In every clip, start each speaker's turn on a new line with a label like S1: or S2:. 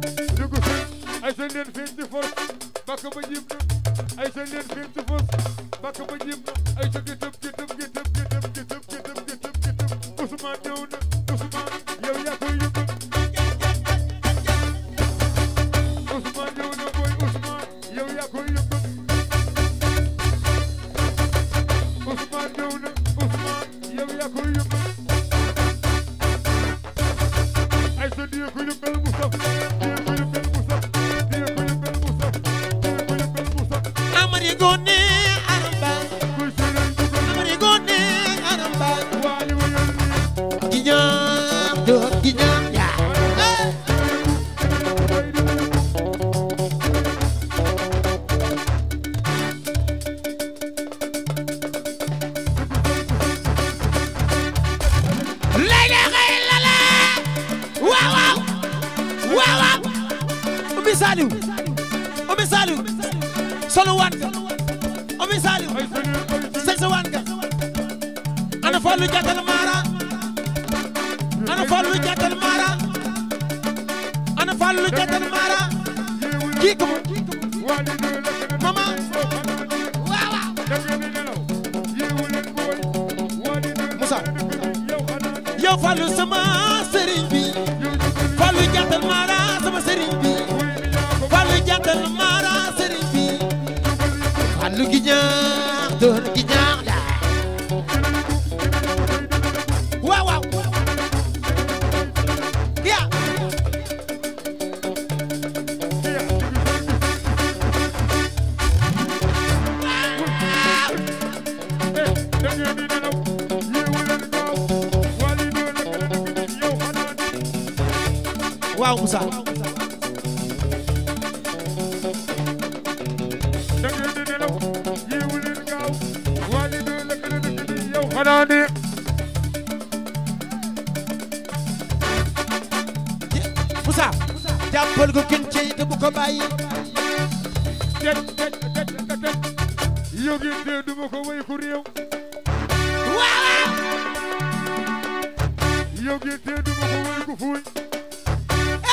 S1: dugg feeñ ay seen leen feeñ ci fos bakk ba jib na ay seen leen feeñ ci fos bakk ba jib na ay sa gëtëb gëtëb gëtëb gëtëb gëtëb gëtëb gëtëb Ousmane ñëw na Ousmane yow yaa koy waaw waaw Oumy Saliou Oumy Saliou solo waan nga Oumy Saliou sëñ sa waan nga ana Fallou jàttal maara ana Fallou jàttal maara kii ko mama waaw waaw Moussa yow leen mara sëriñ bi Fallou gi ñaax waaw waaw waaw Moussa Kanani. Moussa. jàppal ko kenn ci te bu ko bàyyi. déet déet déet déet. yógi dee du ma ko wéy ku réew. waaw. yógi dee du ma ko wéy ku fuuy.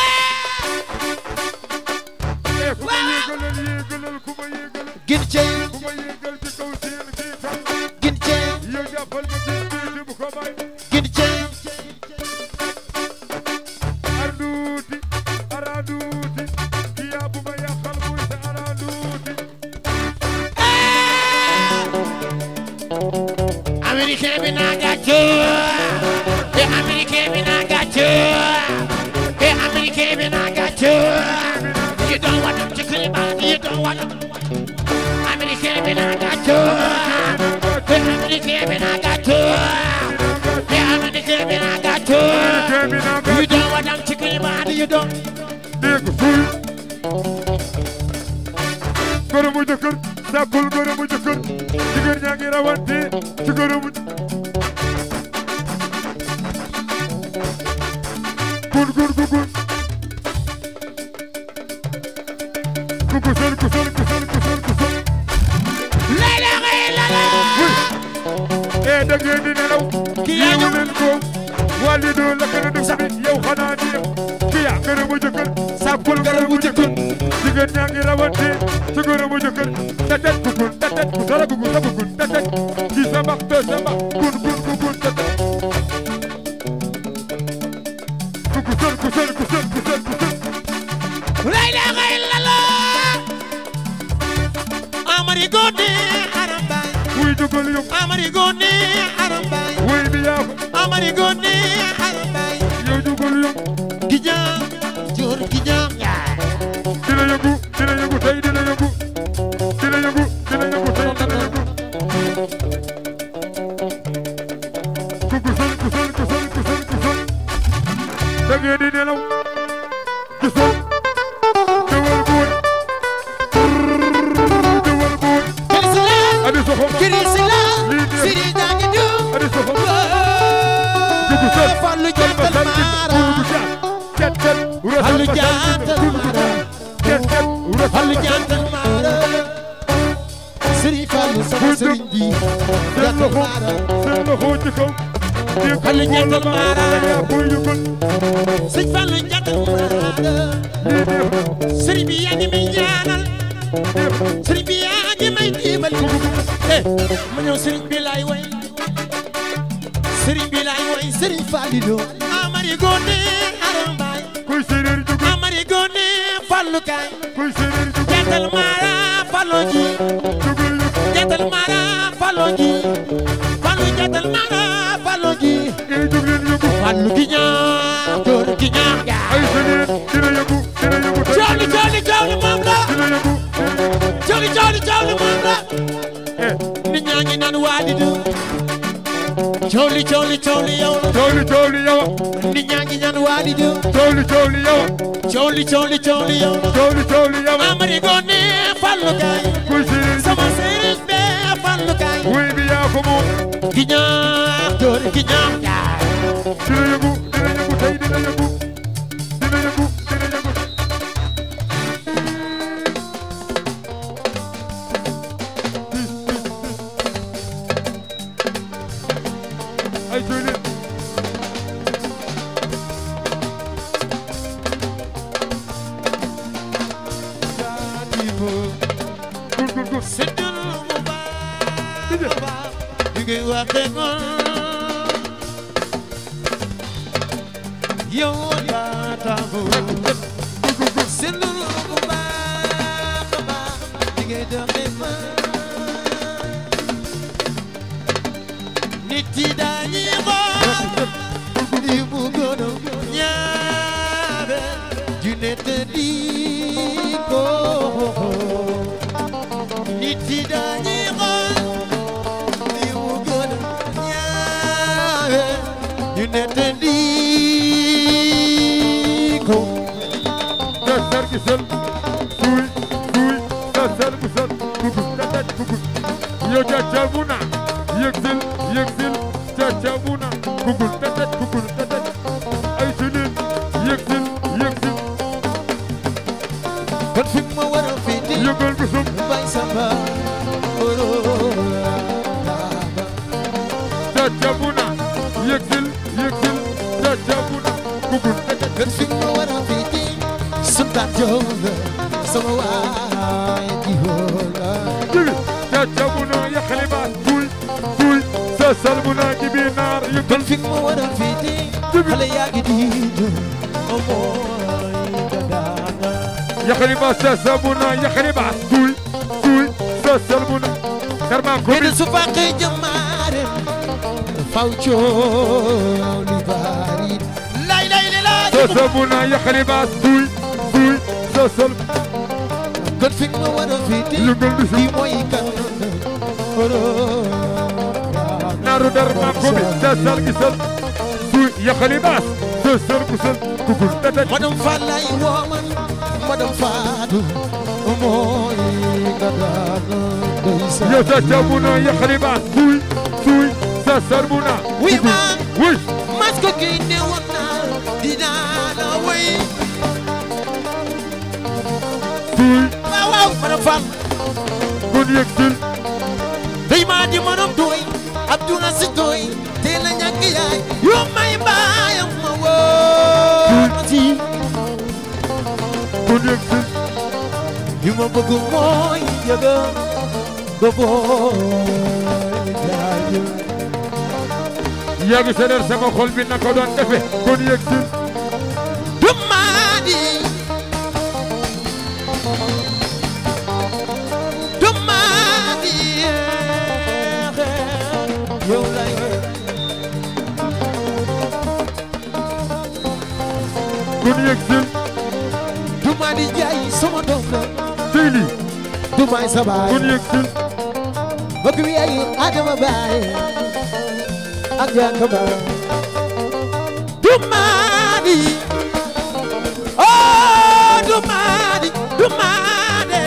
S1: eh. waaw. Eh, ku ma yéegalal yéegalal ku ma yéegalal. gin ci. ku ma yéegalal. me Kevin, I got you. You don't want to clean my, you don't want to. I'm in the Kevin, I got you. I'm in the Kevin, I got you. Yeah, I'm in the Kevin, I sen bulgurumu cukur. Çıkır yakıra vanti, çıkırımı cukur. dëggee di nelaw yéewu leen ko wàlli doo la gën a du sabit yow xanaa di yow ki yaa gën a bu jëkkër sàppul gën a bu jëkkër jigéen ñaa ngi rawante ci gën a bu jëkkër tatat ku kun tatat ku dara ku kun tatat kun tatat sa mbax te sa mbax kun kun ku kun tatat goli yo amari goni arambay way bi ya amari goni arambay yo ju goli yo gija jor gija na njata muraada yaa ngi may ñaanal sëriñ yaa ngi may dimbali eh ma ñëw sëriñ bi laay way sëriñ bi laay way sëriñ Falido amari gone arambaay kuy séréer jugu amari gone fallu kaay fallu jatal mara ni ñangi wadi du Choli choli choli yo Choli choli yo Ni ñangi wadi du Choli choli yo Choli choli choli yo Choli choli yo Amari goni fallu kay Kusiri Sama seris be fallu kay Wi biya ko mo Ginya dor ginya Sire yugu güzel Kuy kuy Sesler güzel Kukus neden kukus Yoca cevuna جوله سوايتي هولا كل يا خليبان كل كل سسال مناجبين نار يكل يا جديد يخرب سسبنا يخرب كرما كل سفاقي جمار فوجو لباري لا لا لا لا سسبنا يخرب كل tasal kon fi ma war a féete lu gën di fi mooy kan naaru dar ma ko bi tasal gisal su yaqali baas tasal gisal kugul tata madam falay woman madam fatu mooy gadaan yo ta tabuna yaqali baas suy suy tasal buna wi ma mas ko ki ne woon waaw madame Fall gon ma xol bi na ko doon defee kon yegg ci. du maa di. Madi Ndiaye sama doom la. tey lii. du may sa baay. kon yëg fi. bëgg bi ay Adama baay ak Janka baay. du Madi. oh du Madi du Madi.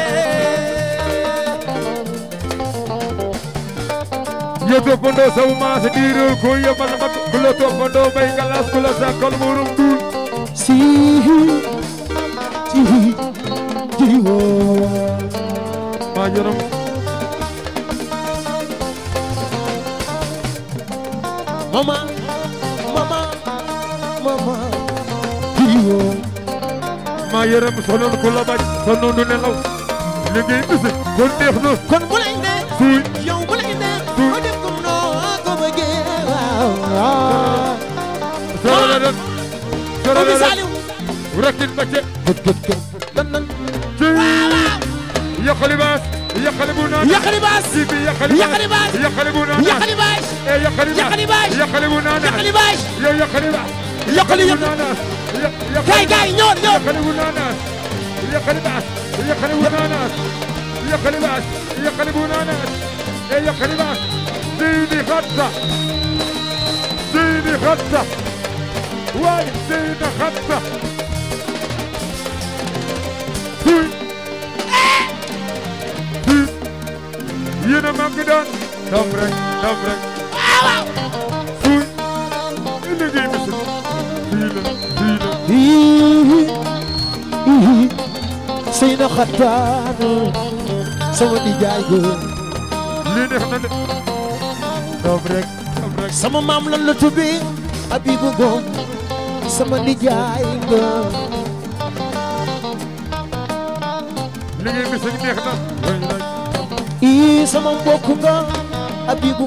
S1: yo toppandoo sa maas diiroo ko yóbbal ma ku la toppandoo bay galas ku la sàkkal muurum duul. sii. suufi jiri woo waajaram mama mama mama jiri woo ku la bañ sonoon du nelaw liggéey bisi kon neex na kon bu lay ne suuy yow bu lay ne ma def kum noo ko bëggee waaw waaw sërële den sërële den وركز بك قد قد قد يقلب اس يقلبون يقلب اس يقلب يقلب اس يقلبون يقلب اس يقلب يقلب اس يقلبون يقلب اس يقلب يقلب جاي جاي نور نور يقلبون ناس يقلب اس يقلبون ناس يقلب اس يقلبون ناس يقلب اس ديني خطه ديني خطه وين ديني خطه gën a màgg daan ndam rek ndam rek waaw fuuy i liggéey bi sut fii la fii la ii sëy na xataan sama nijaay go lii def na de ndam rek ndam rek sama maam lan la tudde Abibu Ngom sama nijaay go liggéey bi sëñ neex na ii sama mbokk nga abibu